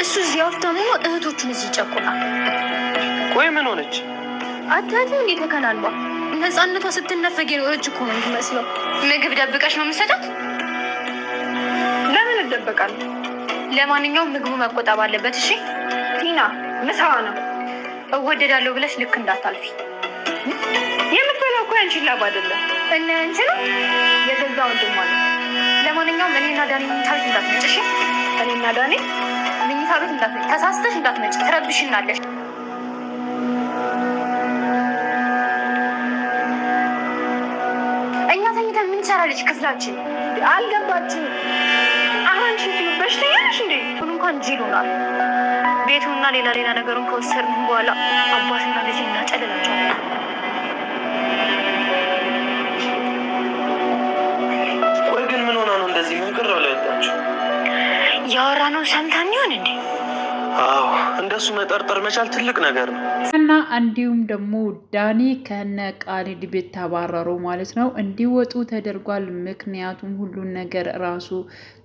እሱ እዚያ ውስጥ ደግሞ እህቶቹን እዚህ ይጨቁናል። ቆይ ምን ሆነች? አታያትም እንዴ ተከናንቧል። ነፃነቷ ስትነፈግ እጅ እኮ ነው የሚመስለው። ምግብ ደብቀሽ ነው የምትሰጣት? ለምን እደበቃለሁ? ለማንኛውም ምግቡ መቆጠብ አለበት። እሺ ቲና፣ ምሳዋ ነው። እወደዳለሁ ብለሽ ልክ እንዳታልፊ የምትበላው እኮ ያንቺን ላብ አይደለም እና ያንቺ ነው የገዛ ወንድም ማለት። ለማንኛውም እኔና ዳኒ መኝታ ቤት እንዳትመጭ እሺ? እኔና ዳኒ መኝታ ቤት እንዳትመጭ፣ ተሳስተሽ እንዳትመጭ፣ ትረብሽናለሽ። እኛ ተኝተን ምን ትሰራለች? ክፍላችን አልገባችም። አሁን ሽንት በሽተኛለሽ እንዴ? ሁሉ እንኳን ጅሉናል ቤቱና ሌላ ሌላ ነገሩን ከወሰድን በኋላ አባትና ልጅ እናጨልላቸዋለን። እያወራ ሰምታን ይሆን እንዴ? አዎ እንደሱ መጠርጠር መቻል ትልቅ ነገር ነው። እና እንዲሁም ደግሞ ዳኒ ከነ ቃሊድ ቤት ተባረሩ ማለት ነው፣ እንዲወጡ ተደርጓል። ምክንያቱም ሁሉን ነገር ራሱ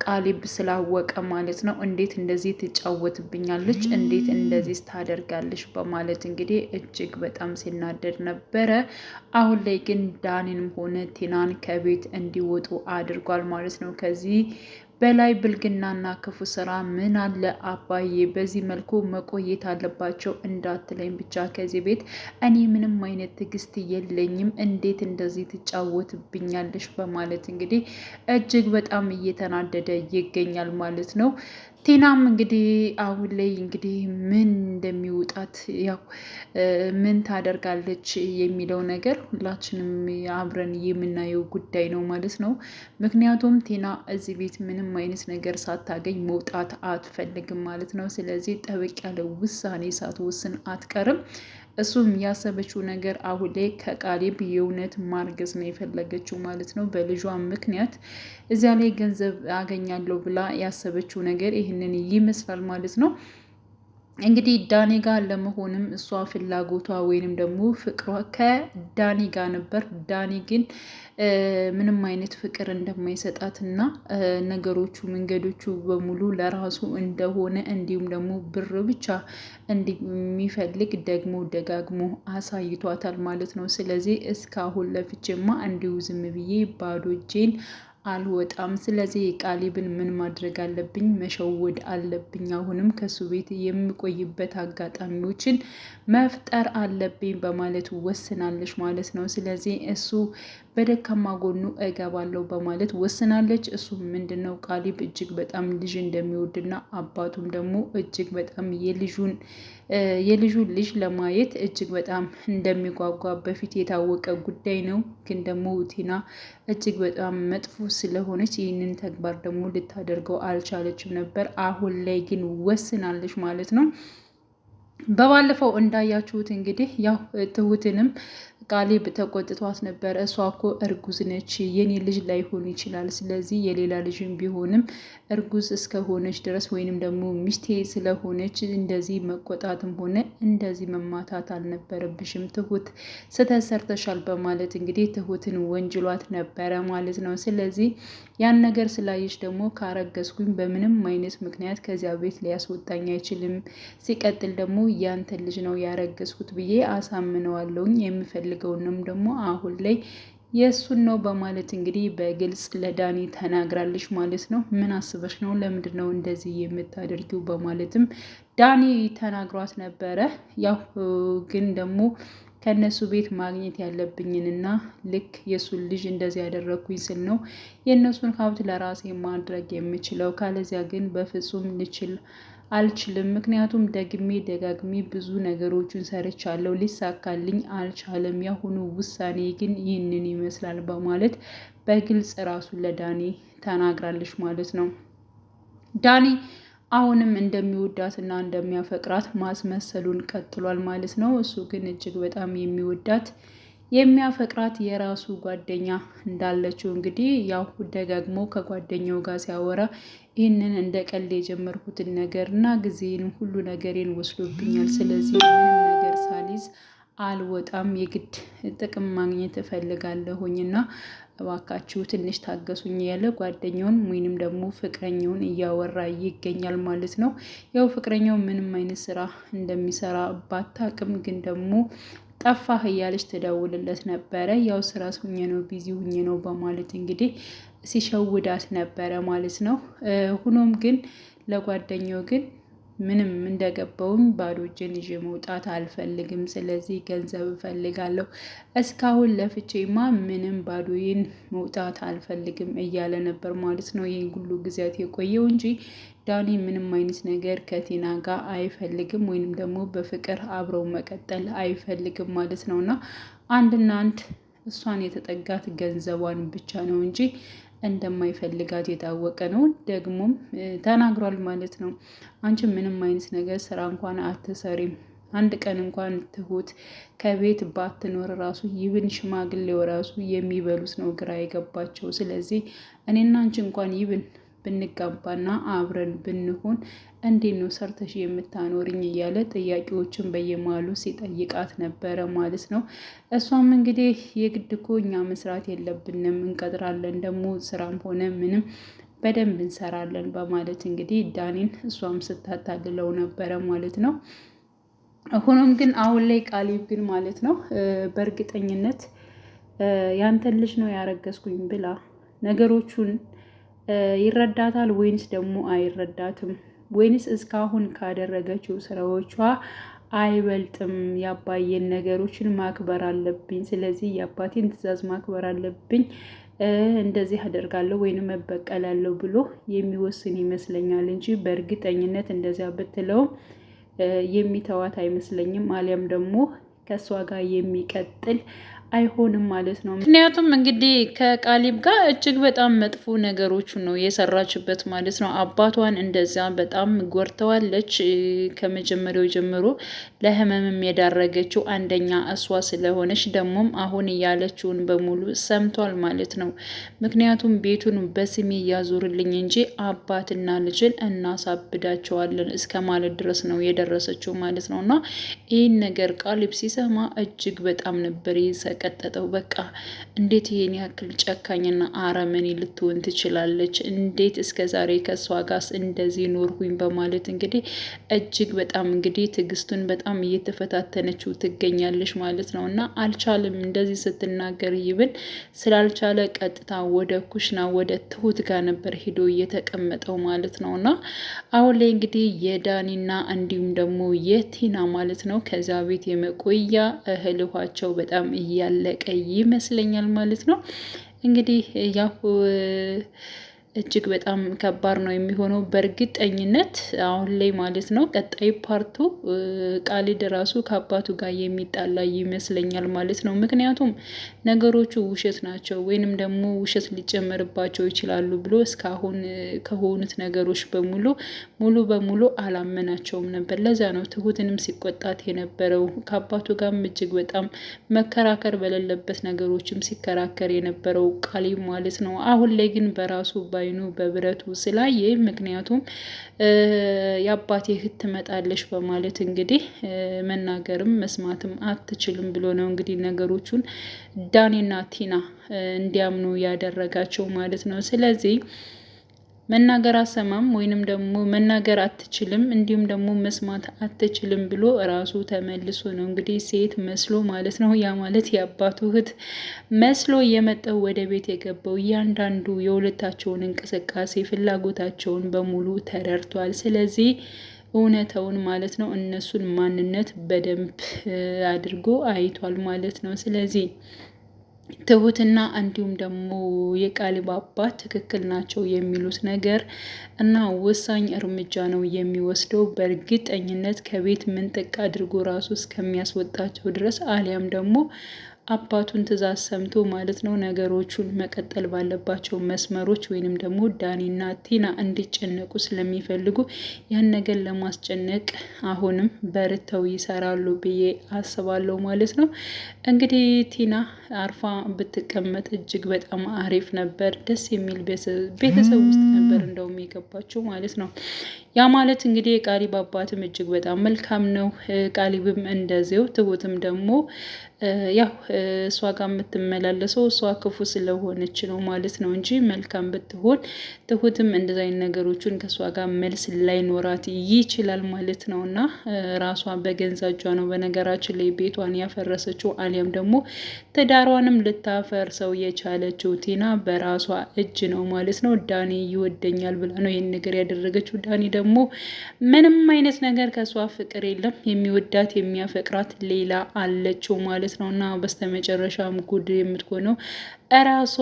ቃሊብ ስላወቀ ማለት ነው። እንዴት እንደዚህ ትጫወትብኛለች፣ እንዴት እንደዚህ ታደርጋለች በማለት እንግዲህ እጅግ በጣም ሲናደድ ነበረ። አሁን ላይ ግን ዳኒንም ሆነ ቲናን ከቤት እንዲወጡ አድርጓል ማለት ነው ከዚህ በላይ ብልግናና ክፉ ስራ ምን አለ አባዬ፣ በዚህ መልኩ መቆየት አለባቸው እንዳትለኝ ብቻ ከዚህ ቤት እኔ ምንም አይነት ትዕግስት የለኝም፣ እንዴት እንደዚህ ትጫወትብኛለሽ? በማለት እንግዲህ እጅግ በጣም እየተናደደ ይገኛል ማለት ነው። ቴናም እንግዲህ አሁን ላይ እንግዲህ ምን እንደሚውጣት ያው ምን ታደርጋለች የሚለው ነገር ሁላችንም አብረን የምናየው ጉዳይ ነው ማለት ነው። ምክንያቱም ቴና እዚህ ቤት ምንም አይነት ነገር ሳታገኝ መውጣት አትፈልግም ማለት ነው። ስለዚህ ጠበቅ ያለ ውሳኔ ሳትወስን አትቀርም። እሱም ያሰበችው ነገር አሁን ላይ ከቃሌብ የእውነት ማርገዝ ነው የፈለገችው ማለት ነው። በልጇ ምክንያት እዚያ ላይ ገንዘብ አገኛለሁ ብላ ያሰበችው ነገር ይህንን ይመስላል ማለት ነው። እንግዲህ ዳኒ ጋ ለመሆንም እሷ ፍላጎቷ ወይንም ደግሞ ፍቅሯ ከዳኒ ጋ ነበር። ዳኒ ግን ምንም አይነት ፍቅር እንደማይሰጣት እና ነገሮቹ መንገዶቹ በሙሉ ለራሱ እንደሆነ እንዲሁም ደግሞ ብር ብቻ እንደሚፈልግ ደግሞ ደጋግሞ አሳይቷታል ማለት ነው። ስለዚህ እስካሁን ለፍቼማ እንዲሁ ዝም ብዬ ባዶ እጄን አልወጣም። ስለዚህ ቃሊብን ምን ማድረግ አለብኝ? መሸወድ አለብኝ። አሁንም ከሱ ቤት የምቆይበት አጋጣሚዎችን መፍጠር አለብኝ በማለት ወስናለች ማለት ነው። ስለዚህ እሱ በደካማ ጎኑ እገባለሁ በማለት ወስናለች። እሱም ምንድን ነው ቃሊብ እጅግ በጣም ልጅ እንደሚወድና አባቱም ደግሞ እጅግ በጣም የልጁን ልጅ ለማየት እጅግ በጣም እንደሚጓጓ በፊት የታወቀ ጉዳይ ነው። ግን ደግሞ ቲና እጅግ በጣም መጥፎ ስለሆነች ይህንን ተግባር ደግሞ ልታደርገው አልቻለችም ነበር። አሁን ላይ ግን ወስናለች ማለት ነው። በባለፈው እንዳያችሁት እንግዲህ ያው ትሁትንም ጋሊብ ተቆጥቷት ነበር። እሷ እኮ እርጉዝ ነች፣ የኔ ልጅ ላይሆን ይችላል። ስለዚህ የሌላ ልጅም ቢሆንም እርጉዝ እስከሆነች ድረስ ወይንም ደግሞ ሚስቴ ስለሆነች እንደዚህ መቆጣትም ሆነ እንደዚህ መማታት አልነበረብሽም፣ ትሁት ስተሰርተሻል በማለት እንግዲህ ትሁትን ወንጅሏት ነበረ ማለት ነው። ስለዚህ ያን ነገር ስላየች ደግሞ ካረገዝኩኝ በምንም አይነት ምክንያት ከዚያ ቤት ሊያስወጣኝ አይችልም፣ ሲቀጥል ደግሞ ያንተ ልጅ ነው ያረገዝኩት ብዬ አሳምነዋለውኝ የምፈልግ የምትፈልገውንም ደግሞ አሁን ላይ የእሱን ነው በማለት እንግዲህ በግልጽ ለዳኒ ተናግራለች ማለት ነው። ምን አስበሽ ነው? ለምንድን ነው እንደዚህ የምታደርጊው? በማለትም ዳኒ ተናግሯት ነበረ። ያው ግን ደግሞ ከእነሱ ቤት ማግኘት ያለብኝንና ልክ የእሱን ልጅ እንደዚህ ያደረግኩኝ ስል ነው የእነሱን ሀብት ለራሴ ማድረግ የምችለው፣ ካለዚያ ግን በፍጹም ልችል አልችልም። ምክንያቱም ደግሜ ደጋግሜ ብዙ ነገሮችን ሰርቻለሁ፣ ሊሳካልኝ አልቻለም። ያሁኑ ውሳኔ ግን ይህንን ይመስላል በማለት በግልጽ ራሱን ለዳኒ ተናግራለች ማለት ነው። ዳኒ አሁንም እንደሚወዳት እና እንደሚያፈቅራት ማስመሰሉን ቀጥሏል ማለት ነው። እሱ ግን እጅግ በጣም የሚወዳት የሚያፈቅራት የራሱ ጓደኛ እንዳለችው እንግዲህ ያው ደጋግሞ ከጓደኛው ጋር ሲያወራ ይህንን እንደ ቀልድ የጀመርኩትን ነገር እና ጊዜን ሁሉ ነገሬን ወስዶብኛል፣ ስለዚህ ምንም ነገር ሳሊዝ አልወጣም፣ የግድ ጥቅም ማግኘት እፈልጋለሁኝና እባካችሁ ትንሽ ታገሱኝ ያለ ጓደኛውን ወይንም ደግሞ ፍቅረኛውን እያወራ ይገኛል ማለት ነው። ያው ፍቅረኛው ምንም አይነት ስራ እንደሚሰራ ባታውቅም ግን ደግሞ ጠፋህ እያለች ትደውልለት ነበረ። ያው ስራ ሁኜ ነው ቢዚ ሁኜ ነው በማለት እንግዲህ ሲሸውዳት ነበረ ማለት ነው። ሁኖም ግን ለጓደኛው ግን ምንም እንደገባውኝ ባዶ እጄን ይዤ መውጣት አልፈልግም። ስለዚህ ገንዘብ እፈልጋለሁ። እስካሁን ለፍቼማ ምንም ባዶዬን መውጣት አልፈልግም እያለ ነበር ማለት ነው። ይህን ሁሉ ጊዜያት የቆየው እንጂ ዳኒ ምንም አይነት ነገር ከቴና ጋር አይፈልግም ወይንም ደግሞ በፍቅር አብረው መቀጠል አይፈልግም ማለት ነው እና አንድና አንድ እሷን የተጠጋት ገንዘቧን ብቻ ነው እንጂ እንደማይፈልጋት የታወቀ ነው። ደግሞም ተናግሯል ማለት ነው። አንቺ ምንም አይነት ነገር ስራ እንኳን አትሰሪም አንድ ቀን እንኳን ትሁት ከቤት ባትኖር ራሱ ይብን ሽማግሌው ራሱ የሚበሉት ነው ግራ የገባቸው። ስለዚህ እኔና አንቺ እንኳን ይብን ብንጋባና አብረን ብንሆን እንዴት ነው ሰርተሽ የምታኖርኝ እያለ ጥያቄዎችን በየመሃሉ ሲጠይቃት ነበረ ማለት ነው። እሷም እንግዲህ የግድ እኮ እኛ መስራት የለብንም እንቀጥራለን ደግሞ ስራም ሆነ ምንም በደንብ እንሰራለን በማለት እንግዲህ ዳኒን እሷም ስታታልለው ነበረ ማለት ነው። ሆኖም ግን አሁን ላይ ቃሊብ ግን ማለት ነው በእርግጠኝነት ያንተን ልጅ ነው ያረገዝኩኝ ብላ ነገሮቹን ይረዳታል ወይንስ ደግሞ አይረዳትም? ወይንስ እስካሁን ካደረገችው ስራዎቿ አይበልጥም? የአባዬን ነገሮችን ማክበር አለብኝ። ስለዚህ የአባቴን ትዕዛዝ ማክበር አለብኝ እንደዚህ አደርጋለሁ ወይንም መበቀላለሁ ብሎ የሚወስን ይመስለኛል እንጂ በእርግጠኝነት እንደዚያ ብትለውም የሚተዋት አይመስለኝም። አሊያም ደግሞ ከእሷ ጋር የሚቀጥል አይሆንም ማለት ነው። ምክንያቱም እንግዲህ ከቃሊብ ጋር እጅግ በጣም መጥፎ ነገሮችን ነው የሰራችበት ማለት ነው። አባቷን እንደዚያ በጣም ጎርተዋለች። ከመጀመሪያው ጀምሮ ለህመምም የዳረገችው አንደኛ እሷ ስለሆነች ደግሞም አሁን እያለችውን በሙሉ ሰምቷል ማለት ነው። ምክንያቱም ቤቱን በስሜ እያዞርልኝ እንጂ አባትና ልጅን እናሳብዳቸዋለን እስከ ማለት ድረስ ነው የደረሰችው ማለት ነው። እና ይህን ነገር ቃሊብ ሲሰማ እጅግ በጣም ነበር ይሰ የተቀጠጠው። በቃ እንዴት ይሄን ያክል ጨካኝና አረመኔ ልትሆን ትችላለች? እንዴት እስከ ዛሬ ከእሷ ጋስ እንደዚህ ኖርኩኝ? በማለት እንግዲህ እጅግ በጣም እንግዲህ ትዕግስቱን በጣም እየተፈታተነችው ትገኛለች ማለት ነው። እና አልቻልም እንደዚህ ስትናገር ይብል ስላልቻለ ቀጥታ ወደ ኩሽና ወደ ትሁት ጋር ነበር ሂዶ እየተቀመጠው ማለት ነው። እና አሁን ላይ እንግዲህ የዳኒና እንዲሁም ደግሞ የቲና ማለት ነው ከዛ ቤት የመቆያ እህልኋቸው በጣም እያ ያለቀ ይመስለኛል ማለት ነው። እንግዲህ ያው እጅግ በጣም ከባድ ነው የሚሆነው በእርግጠኝነት አሁን ላይ ማለት ነው። ቀጣይ ፓርቱ ቃሊድ ራሱ ከአባቱ ጋር የሚጣላ ይመስለኛል ማለት ነው። ምክንያቱም ነገሮቹ ውሸት ናቸው ወይንም ደግሞ ውሸት ሊጨመርባቸው ይችላሉ ብሎ እስካሁን ከሆኑት ነገሮች በሙሉ ሙሉ በሙሉ አላመናቸውም ነበር። ለዛ ነው ትሁትንም ሲቆጣት የነበረው ከአባቱ ጋርም እጅግ በጣም መከራከር በሌለበት ነገሮችም ሲከራከር የነበረው ቃሊ ማለት ነው። አሁን ላይ ግን በራሱ ባይ በአይኑ በብረቱ ስላየ፣ ምክንያቱም የአባቴ እህት ትመጣለች በማለት እንግዲህ መናገርም መስማትም አትችልም ብሎ ነው እንግዲህ ነገሮቹን ዳኔና ቲና እንዲያምኑ ያደረጋቸው ማለት ነው። ስለዚህ መናገር አሰማም ወይንም ደግሞ መናገር አትችልም እንዲሁም ደግሞ መስማት አትችልም ብሎ ራሱ ተመልሶ ነው እንግዲህ ሴት መስሎ ማለት ነው። ያ ማለት የአባቱ እህት መስሎ የመጣው ወደ ቤት የገባው እያንዳንዱ የሁለታቸውን እንቅስቃሴ ፍላጎታቸውን በሙሉ ተረድቷል። ስለዚህ እውነተውን ማለት ነው እነሱን ማንነት በደንብ አድርጎ አይቷል ማለት ነው። ስለዚህ ትሁትና እንዲሁም ደግሞ የቃሊብ አባት ትክክል ናቸው የሚሉት ነገር እና ወሳኝ እርምጃ ነው የሚወስደው። በእርግጠኝነት ከቤት ምንጥቅ አድርጎ ራሱ እስከሚያስወጣቸው ድረስ አሊያም ደግሞ አባቱን ትዕዛዝ ሰምቶ ማለት ነው ነገሮቹን መቀጠል ባለባቸው መስመሮች ወይንም ደግሞ ዳኒና ቲና እንዲጨነቁ ስለሚፈልጉ ያን ነገር ለማስጨነቅ አሁንም በርተው ይሰራሉ ብዬ አስባለሁ ማለት ነው። እንግዲህ ቲና አርፋ ብትቀመጥ እጅግ በጣም አሪፍ ነበር። ደስ የሚል ቤተሰብ ውስጥ ነበር እንደውም የገባችው ማለት ነው። ያ ማለት እንግዲህ የቃሊብ አባትም እጅግ በጣም መልካም ነው። ቃሊብም እንደዚው ትሁትም ደግሞ ያው እሷ ጋር የምትመላለሰው እሷ ክፉ ስለሆነች ነው ማለት ነው እንጂ መልካም ብትሆን ትሁትም እንደዚ አይነት ነገሮችን ከእሷ ጋር መልስ ላይኖራት ይችላል ማለት ነው። እና ራሷ በገዛ እጇ ነው በነገራችን ላይ ቤቷን ያፈረሰችው አሊያም ደግሞ ትዳሯንም ልታፈርሰው የቻለችው ቲና በራሷ እጅ ነው ማለት ነው። ዳኒ ይወደኛል ብላ ነው ይህን ነገር ያደረገችው። ዳኒ ደግሞ ምንም አይነት ነገር ከእሷ ፍቅር የለም የሚወዳት የሚያፈቅራት ሌላ አለችው ማለት ማለት ነው። እና በስተመጨረሻም ጉድ የምትሆነው እራሷ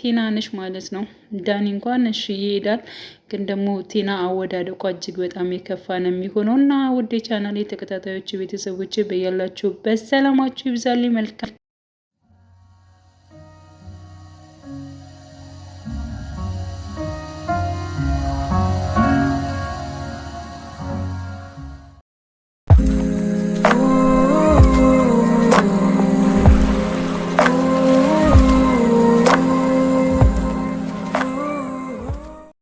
ቲና ነች ማለት ነው። ዳኒ እንኳን እሺ ይሄዳል፣ ግን ደግሞ ቲና አወዳደቋ እጅግ በጣም የከፋ ነው የሚሆነው። እና ውዴ ቻናል ተከታታዮች ቤተሰቦች በያላችሁ በሰላማችሁ ይብዛልኝ። መልካም